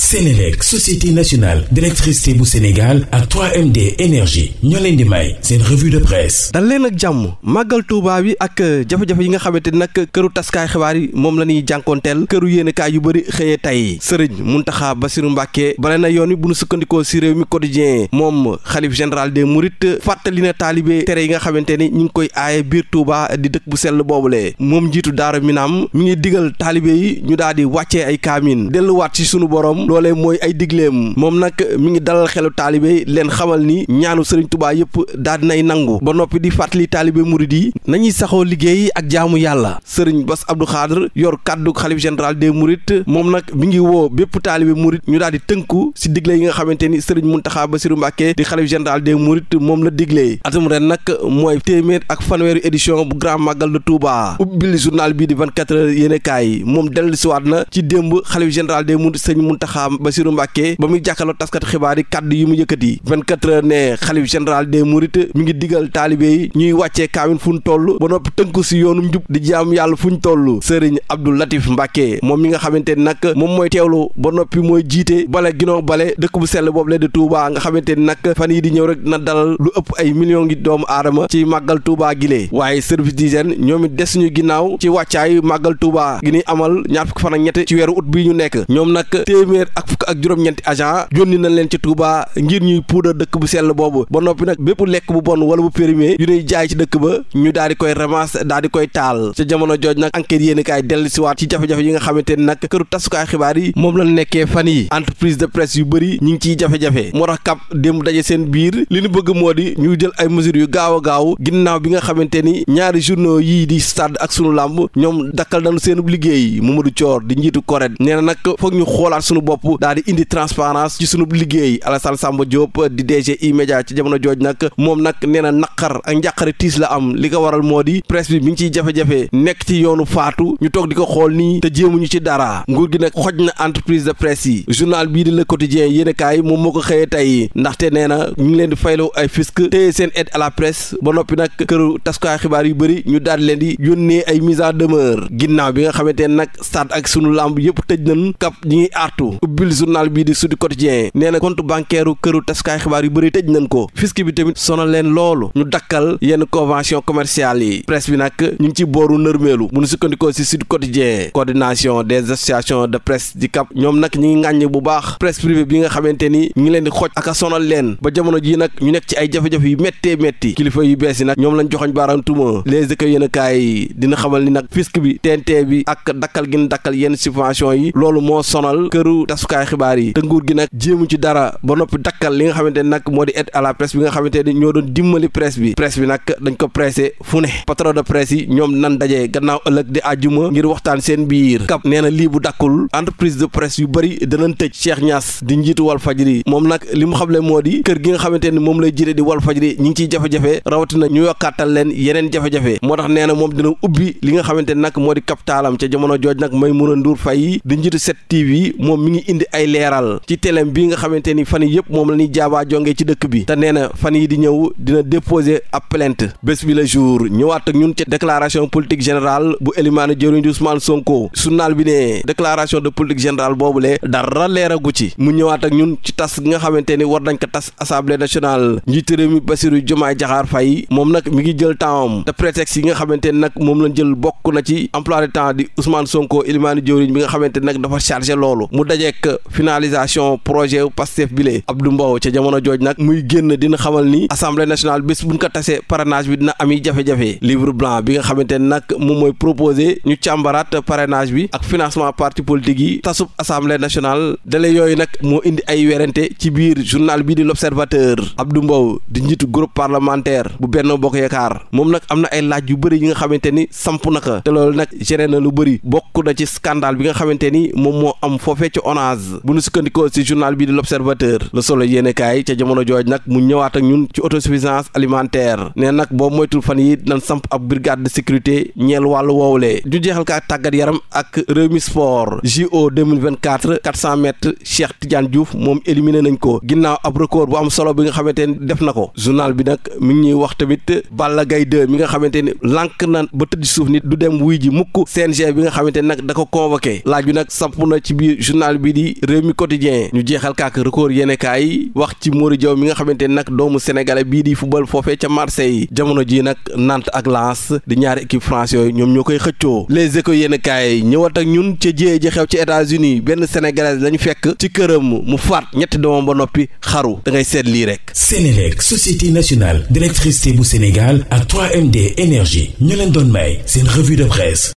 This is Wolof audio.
Sénélec société nationale d'électricité bu Sénégal ak 3MD énergie ñoo leen di may seen revue de presse dal leen ak jàmm màggal Tuuba bi ak jafe-jafe yi nga xamante ni nag këru taskaay xibaar yi moom la ñuy jànkoonteel këru yéenekaay yu bëri xëyee tey sëriñ Muntaxa Basiru Mbàkke bare na yoon wi bu nu sukkandikoo si réew mi quotidien moom xalif général des Mourides fàttali na taalibe tere yi nga xamante ni ñu ngi koy aaye biir Tuuba di dëkk bu sell boobule moom njiitu daara Minam mi ngi digal taalibe yi ñu daal di wàccee ay kaamin delluwaat ci sunu borom loolee mooy ay digleem moom nag mi ngi dalal xelu taalibe leen xamal ni ñaanu sëriñ tubaa yëpp daal nay nangu ba noppi di fàttali taalibe murid yi nañuy saxoo liggéey ak jaamu yàlla sëriñ Bass Abdou Khadre yor kàddu xalif général des mourides moom nag mi ngi woo bépp taalibe murid ñu daal di tënku si digle yi nga xamante ni sëriñ Muntaxa Basiru Mbàkke di xalif général des mourides moom la diglee atum ren nag mooy téeméer ak fanweeri édition bu grand magal de Touba ubbil bii di 24 heures yéene kaay moom dellu siwaat na ci démb xalif général des mourides sëriñ Muntaxa Muntaxa Basiru Mbàkke ba muy jàkkaloo taskat xibaar yi kàddu yi mu yëkkati 24 heures ne xalif général des mourides mi ngi digal taalibe yi ñuy wàccee kaamil fu ñu toll ba noppi tënku si yoonu njub di jaam yàlla fu ñu toll sëriñ Abdou Latif Mbàkke moom mi nga xamante ni moom mooy teewlu ba noppi mooy jiite bale ginoo bale dëkk bu sell boobu la di nga xamante ni fan yi di ñëw rek na dalal lu ëpp ay millions ngi doomu aadama ci màggal Touba gi ni amal téeméer ak fukk ak juróom-ñeenti agent yónni nañ leen ci Touba ngir ñuy puudar dëkk bu sell boobu ba noppi nag bépp lekk bu bon wala bu périmé yu ñuy jaay ci dëkk ba ñu daal di koy ramas daal di koy taal ca jamono jooj nag enquête yéen i kaay dellu siwaat ci jafe-jafe yi nga xamante ni nag këru tasukaay xibaar yi moom la nekkee fan yi entreprise de presse yu bëri ñi ngi ciy jafe-jafe moo tax kap démb daje seen biir li ñu bëgg moo di ñu jël ay mesures yu gaaw a gaaw ginnaaw bi nga xamante ni ñaari journaux yii di stade ak sunu làmb ñoom dakkal nañu seen liggéey Mamadou Thior di njiitu koret bopp daal di indi transparence ci sunub liggéey Alassane Samba Diop di DG E-Media ci jamono jooj nag moom nag nee na naqar ak njàqare tiis la am li ko waral moo di presse bi mi ngi ciy jafe-jafe nekk ci yoonu faatu ñu toog di ko xool nii te jéemuñu ci dara nguur gi nag xoj na entreprise de presse yi journal bii di Le Quotidien yéenekaay moom moo ko xëyee tey ndaxte neena na ñu leen di fayloo ay fisc téye seen aide à la presse ba noppi nag këru taskaa xibaar yu bëri ñu daal leen di yónnee ay mise en demeure ginnaaw bi nga xamante ne nag stade ak sunu lamb yëpp tëj nañ kap ñi ngi artu ubbil journal bii di Sud Quotidien nee na compte bancaire këru taskaay xibaar yu bëri tëj nañ ko fisc bi tamit sonal leen loolu ñu dakkal yenn convention commerciale yi presse bi nag ñu ngi ci booru nërmeelu bu ñu sukkandikoo si Sud Quotidien coordination des associations de presse di CAP ñoom nag ñi ngi ŋàññ bu baax presse privée bi nga xamante ni ñu ngi leen di xooj ak a sonal leen ba jamono ji nag ñu nekk ci ay jafe-jafe yu méttee métti kilifa yu bees yi nag ñoom lañ joxoñ baaraam tuma les éco yéen kaay dina xamal ni nag fisc bi TNT bi ak dakkal gin dakkal yenn subvention yi loolu moo sonal tasukaay xibaar yi te nguur gi nag jéemu ci dara ba noppi dakkal li nga xamante ne nag moo di aide à la presse bi nga xamante ne ñoo doon dimbali presse bi presse bi nag dañ ko pressé fu ne patron de presse yi ñoom nan dajee gannaaw ëllëg di àjjuma ngir waxtaan seen biir kap nee na lii bu dakkul entreprise de presse yu bari danañ tëj Cheikh Niass di njiitu wal faj fajri moom nag li mu xamle moo di kër gi nga xamante ni moom lay jiite di wal fajri ñi ngi ciy jafe-jafe rawatina ñu yokkaatal leen yeneen jafe-jafe moo tax nee na moom dina ubbi li nga xamante ne nag moo di kaptaalam ca jamono jooj nag may mun a nduur fay di njiitu ñuy indi ay leeral ci télém bi nga xamante ni fan yi yëpp moom la ñuy jaabaa jonge ci dëkk bi te nee na fan yi di ñëw dina déposer ab plainte bés bi la jour ñëwaat ak ñun ci déclaration politique général bu Elimane Diéry Ousmane Sonko journal bi ne déclaration de politique générale le dara leeragu ci mu ñëwaat ak ñun ci tas gi nga xamante ni war nañ ko tas assemblée nationale njiitu réew mi Bassirou Diomaye Diakhar fay moom nag mi ngi jël temps te prétexte yi nga xamante ni nag moom lañ jël bokk na ci emploi de di Ousmane Sonko Elimane Diéry bi nga xamante ni nag dafa chargé loolu fekk finalisation projet wu Pastef bi lee Abdou Mbow ca jamono jooj nag muy génn dina xamal ni assemblée nationale bés buñ ko tasee parrainage bi dina ami jafe nga xamante ne nag moom mooy proposé ñu càmbaraat parrainage bi ak financement parti politique yi tasub assemblée nationale dale yooyu nag moo indi ay werante ci biir journal bi di l'observateur Abdou Mbow di njiitu groupe parlementaire bu benn Bokk Yaakaar moom nag am na ay laaj yu bëri yi nga xamante ni samp na ko te loolu nag géré lu bëri ONAS bu nu sukkandikoo ci journal bi di l'observateur le soleil yéenekaay ca jamono jooj nag mu ñëwaat ak ñun ci autosuffisance alimentaire ne de sécurité ñeel wàllu woowule ñu jeexal ka tàggat yaram ak Rewmi Sport JO 2024 400 mètres Cheikh Tidiane Diouf moom éliminé nañ ko ginnaaw ab record bu am solo bi nga xamante ni def na ko journal bi nag mi ngi ñuy wax tamit Balla Gaye mi nga xamante ni lànk na ba tëdd suuf nit du dem wuy ji mukk CNG bi nga xamante nag da ko convoqué laaj nag samp na ci biir journal bi bi di réew mi quotidien ñu jeexal kaak record yéene kaay wax ci Mori Diaw mi nga xamante nag doomu sénégalais bii di football foofee ca Marseille jamono ji nag Nantes ak Lens di ñaari équipe France yooyu ñoom ñoo koy xëccoo les échos yéene kaay ñëwaat ak ñun ca jiyee ji xew ci États-Unis benn sénégalais lañu fekk ci këram mu faat ñetti doomam ba noppi xaru da ngay seet lii rek Sénélec société nationale d'électricité bu Sénégal ak 3MD énergie ñu leen doon may seen